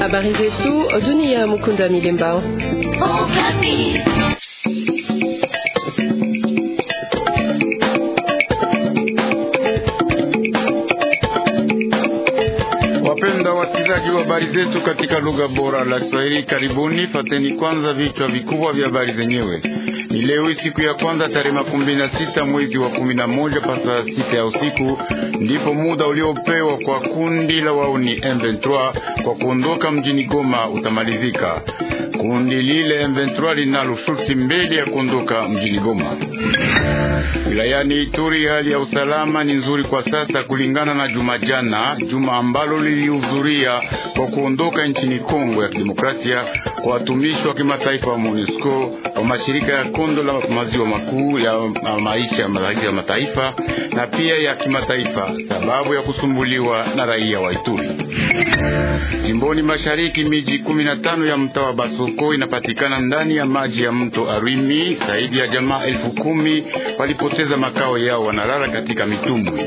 Habari zetu dunia, Mukunda Milembao. Okapi. Wapenda wasikilizaji wa habari zetu katika lugha bora la Kiswahili, karibuni. Fateni kwanza vichwa vikubwa vya habari zenyewe. Ni leo siku ya kwanza tarehe makumi na sita mwezi wa kumi na moja pa saa sita ya usiku ndipo muda uliopewa kwa kundi la wauni M23 kwa kuondoka mjini Goma utamalizika. Kundi lile M23 linalo fursi mbele ya kuondoka mjini Goma. Wilayani Ituri hali ya usalama ni nzuri kwa sasa, kulingana na juma jana, juma ambalo lilihudhuria kwa kuondoka nchini Kongo ya Kidemokrasia kwa watumishi wa kimataifa wa MONUSCO wa mashirika ya Kondo la maziwa makuu ya maisha ya mataifa na pia ya kimataifa, sababu ya kusumbuliwa na raia wa Ituri. Jimboni mashariki miji kumi na tano ya mtaa wa Basoko inapatikana ndani ya maji ya mto Arwimi. Zaidi ya jamaa elfu kumi walipoteza makao yao, wanalala katika mitumbwi.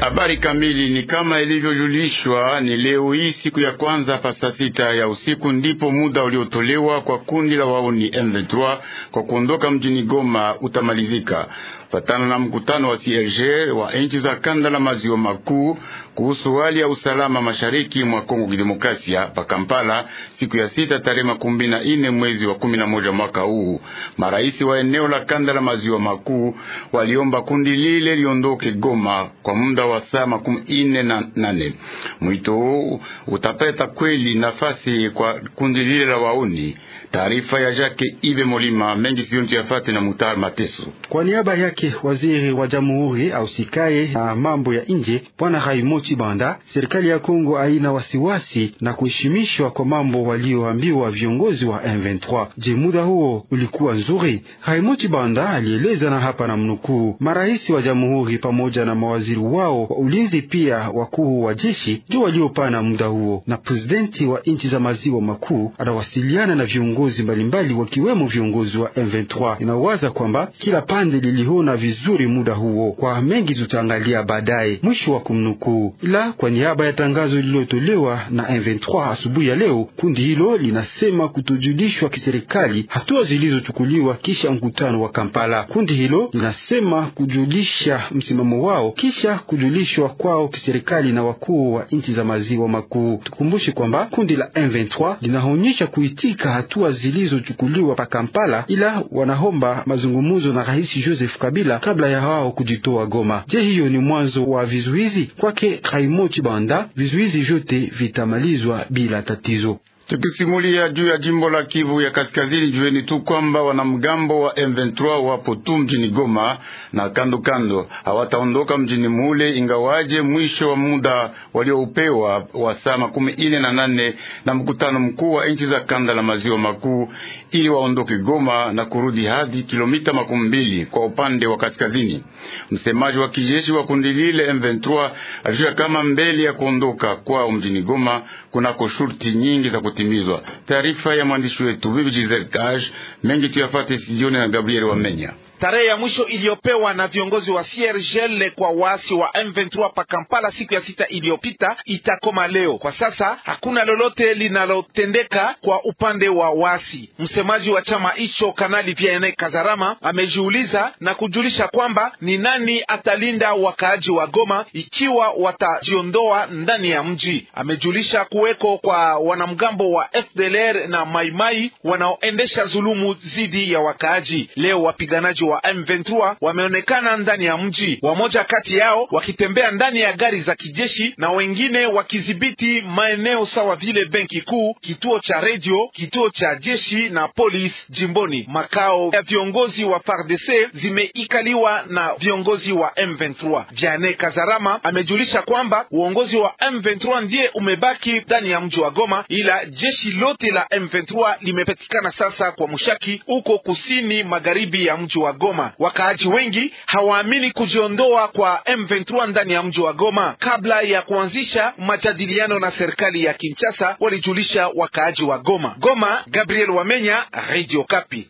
Habari kamili ni kama ilivyojulishwa ni leo hii siku ya kwanza pa saa sita ya usiku ndipo muda uliotolewa kwa kundi la wauni M23 kwa kuondoka mjini Goma utamalizika fatana na mkutano wa CIG wa nchi za kanda la maziwa makuu kuhusu hali ya usalama mashariki mwa Kongo Kidemokrasia pa Kampala siku ya sita tarehe makumi na ine mwezi wa kumi na moja mwaka huu. Marais wa eneo la kanda la maziwa makuu waliomba kundi lile liondoke Goma kwa muda wa saa makumi ine na nane. Mwito huu utapeta kweli nafasi kwa kundi lile la wauni Taarifa ya Jacques Ive Molima mengi sioni tuyafate na Mutar Mateso. Kwa niaba yake waziri wa jamhuri ausikaye na mambo ya nje bwana raimochi banda serikali ya Kongo haina wasiwasi na kuheshimishwa kwa mambo walioambiwa viongozi wa M23. Je, muda huo ulikuwa nzuri? raimochi banda alieleza na hapa na mnukuu, marais wa jamhuri pamoja na mawaziri wao wa ulinzi pia wakuu wa jeshi ndio waliopana muda huo, na presidenti wa nchi za maziwa makuu anawasiliana na viongozi viongozi mbalimbali wakiwemo viongozi wa M23. Inawaza kwamba kila pande liliona vizuri muda huo. Kwa mengi tutaangalia baadaye. Mwisho wa kumnukuu. Ila kwa niaba ya tangazo lililotolewa na M23 asubuhi ya leo, kundi hilo linasema kutojulishwa kiserikali hatua zilizochukuliwa kisha mkutano wa Kampala. Kundi hilo linasema kujulisha msimamo wao kisha kujulishwa kwao kiserikali na wakuu wa nchi za maziwa makuu. Tukumbushe kwamba kundi la M23 linaonyesha kuitika hatua hatua zilizochukuliwa pa Kampala, ila wanahomba mazungumzo na Rais Joseph Kabila kabla ya hao kujitoa Goma. Je, hiyo ni mwanzo wa vizuizi? Kwake Raimo Chibanda, vizuizi vyote vitamalizwa bila tatizo. Tukisimulia juu ya jimbo la Kivu ya Kaskazini, jueni tu kwamba wanamgambo wa M23 wapo tu mjini Goma na kando kando, hawataondoka mjini mule, ingawaje mwisho wa muda walioupewa wa saa makumi ine na nane na mkutano mkuu wa nchi za kanda la maziwa makuu, ili waondoke Goma na kurudi hadi kilomita makumi mbili kwa upande wa kaskazini. Msemaji wa kijeshi wa kundi lile M23 alisha kama mbele ya kuondoka kwao mjini Goma kunako shurti nyingi za kutimizwa. Taarifa ya mwandishi wetu Bibi Giselle Kaj mengi tuyafate studioni na Gabriel Wamenya. Tarehe ya mwisho iliyopewa na viongozi wa CIRGL kwa waasi wa M23 pa Kampala siku ya sita iliyopita itakoma leo. Kwa sasa hakuna lolote linalotendeka kwa upande wa waasi. Msemaji wa chama hicho Kanali Vianney Kazarama amejiuliza na kujulisha kwamba ni nani atalinda wakaaji wa Goma ikiwa watajiondoa ndani ya mji. Amejulisha kuweko kwa wanamgambo wa FDLR na Maimai wanaoendesha zulumu dhidi ya wakaaji. Leo wapiganaji wa M23 wameonekana ndani ya mji, wamoja kati yao wakitembea ndani ya gari za kijeshi na wengine wakidhibiti maeneo sawa vile benki kuu, kituo cha redio, kituo cha jeshi na polisi jimboni. Makao ya viongozi wa FARDC zimeikaliwa na viongozi wa M23. Vianney Kazarama amejulisha kwamba uongozi wa M23 ndiye umebaki ndani ya mji wa Goma, ila jeshi lote la M23 limepatikana sasa kwa Mushaki, uko kusini magharibi ya mji wa Goma. Wakaaji wengi hawaamini kujiondoa kwa M23 ndani ya mji wa Goma. Kabla ya kuanzisha majadiliano na serikali ya Kinshasa, walijulisha wakaaji wa Goma. Goma, Gabriel Wamenya, Radio Kapi.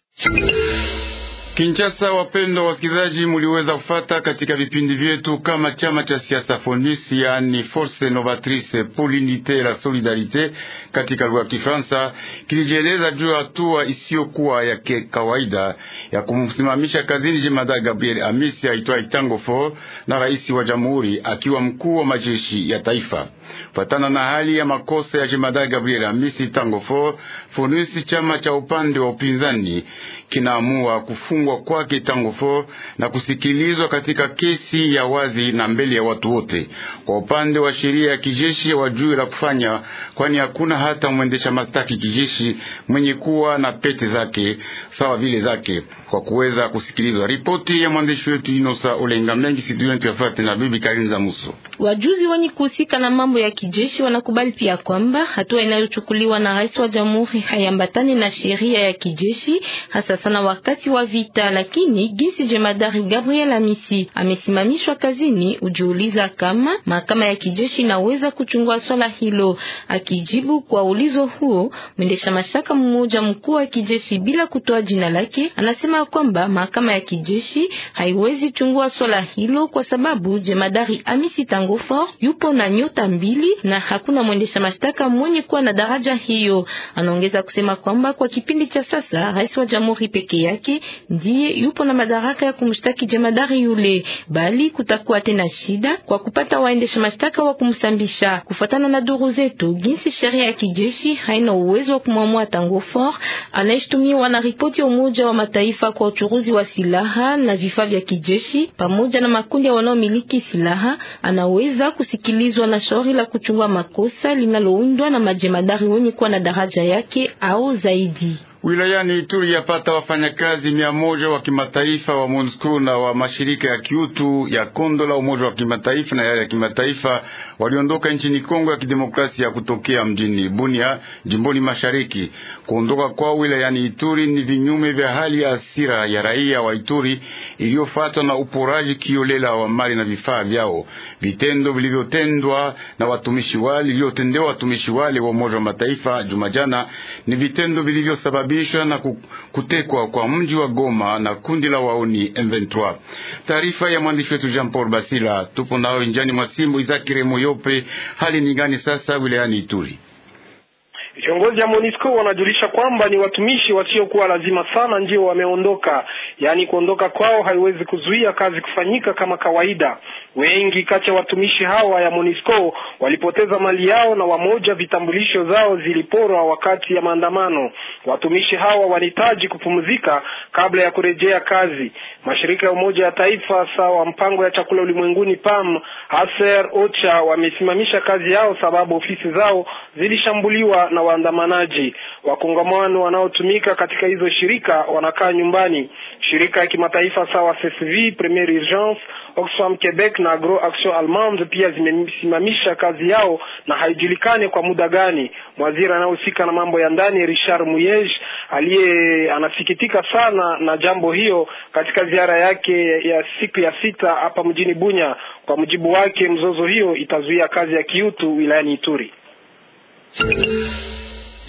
Kinchasa, wapendwa wasikilizaji, muliweza kufata katika vipindi vyetu kama chama cha siasa FONUS, yani Force Novatrice pour l'unité et la Solidarite katika lugha ya Kifaransa, kilijieleza juu ya hatua isiyokuwa ya kawaida ya kumsimamisha kazini jemadari Gabriel Amisi aitwaye Tango Faure na rais wa jamhuri akiwa mkuu wa majeshi ya taifa. Fatana na hali ya makosa ya jemadari Gabriel Amisi Tango Faure, FONUS, chama cha upande wa upinzani, kinaamua kufunga kufungwa kwake tangu fo na kusikilizwa katika kesi ya wazi na mbele ya watu wote. Kwa upande wa sheria ya kijeshi wajui la kufanya, kwani hakuna hata mwendesha mastaki kijeshi mwenye kuwa na pete zake sawa vile zake kwa kuweza kusikilizwa. Ripoti ya mwandishi wetu Inosa Olenga Mlengi Situyafate na Bibi Karinza Muso. Wajuzi wenye kuhusika na mambo ya kijeshi wanakubali pia kwamba hatua inayochukuliwa na rais wa jamhuri haiambatani na sheria ya kijeshi hasa sana wakati wa vita vita, lakini gisi jemadari Gabriel Amisi amesimamishwa kazini, ujiuliza kama mahakama ya kijeshi naweza kuchungua swala hilo. Akijibu kwa ulizo huo, mwendesha mashtaka mmoja mkuu wa kijeshi bila kutoa jina lake anasema kwamba mahakama ya kijeshi haiwezi chungua swala hilo kwa sababu jemadari Amisi Tangofor yupo na nyota mbili na hakuna mwendesha mashtaka mwenye kuwa na daraja hiyo. Anaongeza kusema kwamba kwa kipindi cha sasa rais wa jamhuri peke yake ndiye yupo na madaraka ya kumshtaki jemadari yule, bali kutakuwa tena shida kwa kupata waendesha mashtaka wa kumsambisha. Kufuatana na duru zetu, jinsi sheria ya kijeshi haina uwezo wa kumwamua Tango for anayeshtumiwa na ripoti ya Umoja wa Mataifa kwa uchuruzi wa silaha na vifaa vya kijeshi pamoja na makundi wanaomiliki silaha, anaweza kusikilizwa na shauri la kuchungua makosa linaloundwa na majemadari wenye kuwa na daraja yake au zaidi. Wilayani Ituri yapata wafanyakazi mia moja wa kimataifa wa MONUSCO na wa mashirika ya kiutu ya Kondo la Umoja wa Kimataifa na yale ya kimataifa waliondoka nchini Kongo ya Kidemokrasia kutokea mjini Bunia jimboni mashariki. Kuondoka kwa wilayani Ituri ni vinyume vya hali ya asira ya raia wa Ituri iliyofuatwa na uporaji kiolela wa mali na vifaa vyao, vitendo vilivyotendwa na watumishi wale iliyotendewa watumishi wale wa Umoja wa Mataifa jumajana ni vitendo vilivyosababisha kujumuishwa na kutekwa kwa mji wa Goma na kundi la wauni M23. Taarifa ya mwandishi wetu Jean Paul Basila. Tupo nayo njani mwasimbu Izakire Yope, Hali ni gani sasa wilayani Ituri? Viongozi ya MONUSCO wanajulisha kwamba ni watumishi wasiokuwa lazima sana ndio wameondoka, yaani kuondoka kwao haiwezi kuzuia kazi kufanyika kama kawaida. Wengi kati ya watumishi hawa ya Monisco walipoteza mali yao na wamoja vitambulisho zao ziliporwa wakati ya maandamano. Watumishi hawa wanahitaji kupumzika kabla ya kurejea kazi. Mashirika ya Umoja ya Taifa sawa mpango ya chakula ulimwenguni PAM, Aser, Ocha wamesimamisha kazi yao sababu ofisi zao zilishambuliwa na waandamanaji. Wakongamano wanaotumika katika hizo shirika wanakaa nyumbani. Shirika ya kimataifa sawa CSV Premier Urgence Oxfam Quebec na Agro Action Allemande pia zimesimamisha kazi yao na haijulikani kwa muda gani. Waziri anayehusika na mambo ya ndani Richard Muyej aliye anasikitika sana na jambo hiyo katika ziara yake ya siku ya sita hapa mjini Bunya. Kwa mujibu wake, mzozo hiyo itazuia kazi ya kiutu wilayani Ituri.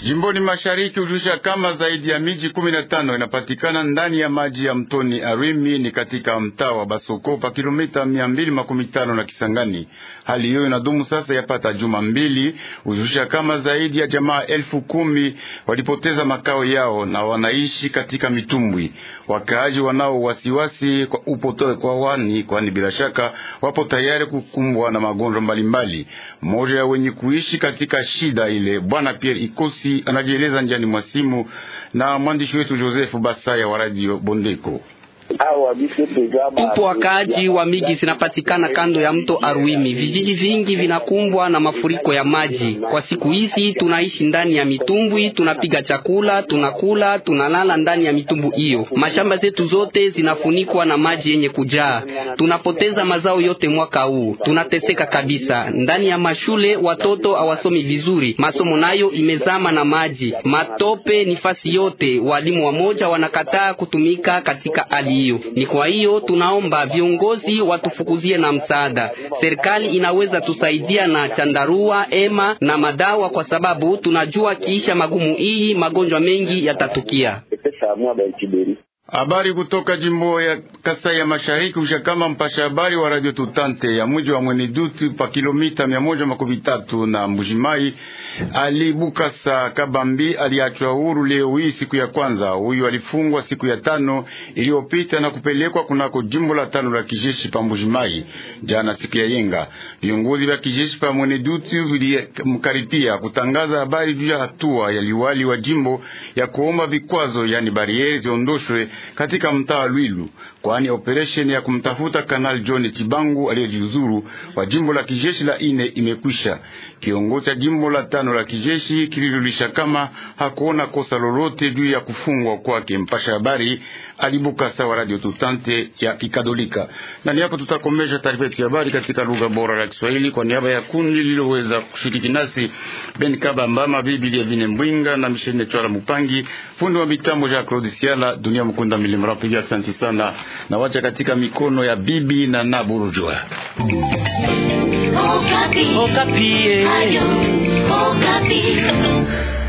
Jimboni mashariki hujulisha kama zaidi ya miji kumi na tano inapatikana ndani ya maji ya mtoni Arimi ni katika mtaa wa Basoko pa kilomita mia mbili makumi tano na Kisangani. Hali hiyo inadumu sasa yapata juma mbili. Hujulisha kama zaidi ya jamaa elfu kumi walipoteza makao yao na wanaishi katika mitumbwi. Wakaaji wanao wasiwasi kwa upotoe kwa wani, kwani bila shaka wapo tayari kukumbwa na magonjwa mbalimbali. Mmoja ya wenye kuishi katika shida ile, bwana Pierre Ikosi anajieleza njiani mwa simu na mwandishi wetu Joseph Basaya wa Radio Bondeko. Upo wakaaji wa miji zinapatikana kando ya mto Arwimi. vijiji vingi vinakumbwa na mafuriko ya maji. Kwa siku hizi tunaishi ndani ya mitumbwi, tunapiga chakula, tunakula, tunalala ndani ya mitumbwi hiyo. Mashamba zetu zote zinafunikwa na maji yenye kujaa, tunapoteza mazao yote mwaka huu, tunateseka kabisa. Ndani ya mashule watoto hawasomi vizuri, masomo nayo imezama na maji, matope ni fasi yote, walimu wamoja wanakataa kutumika katika hali hiyo. Ni kwa hiyo tunaomba viongozi watufukuzie na msaada. Serikali inaweza tusaidia na chandarua, ema na madawa, kwa sababu tunajua kiisha magumu hii magonjwa mengi yatatukia. Habari kutoka jimbo ya Kasai ya Mashariki usha kama mpasha habari wa Radio Tutante ya mji wa Mwenedutu pa kilomita mia moja makumi tatu na Mbujimayi. Ali Bukasa Kabambi aliachwa huru leo hii siku ya kwanza. Huyu alifungwa siku ya tano iliyopita na kupelekwa kunako jimbo la tano la kijeshi pa Mbujimayi jana siku ya yenga. Viongozi vya kijeshi pa Mwenedutu vilimkaripia kutangaza habari juu ya hatua ya liwali wa jimbo ya kuomba vikwazo, yani barieri ziondoshwe katika mtaa Lwilu, kwani operesheni ya kumtafuta Kanali John Chibangu aliyejiuzuru wa jimbo la kijeshi la ine imekwisha. Kiongozi cha jimbo la tano la kijeshi kilijulisha kama hakuona kosa lolote juu ya kufungwa kwake. Mpasha habari Alibukasa wa Radio Tutante ya kikadolika Na niapo tutakomesha taarifa yetu ya habari katika lugha bora la Kiswahili kwa niaba ya kundi lililoweza kushiriki nasi Ben Kabamba, mabibi ya Vine Mbwinga na Mishene Chwala Mupangi, fundi wa mitambo ya Claude Siala, dunia mkunda milimra pia Asante sana na wacha katika mikono ya bibi na naburujwa Okapi. Okapi. Ayo. Okapi.